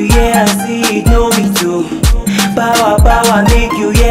you, yeah, I see it, Know me too. Power, power, make you, yeah.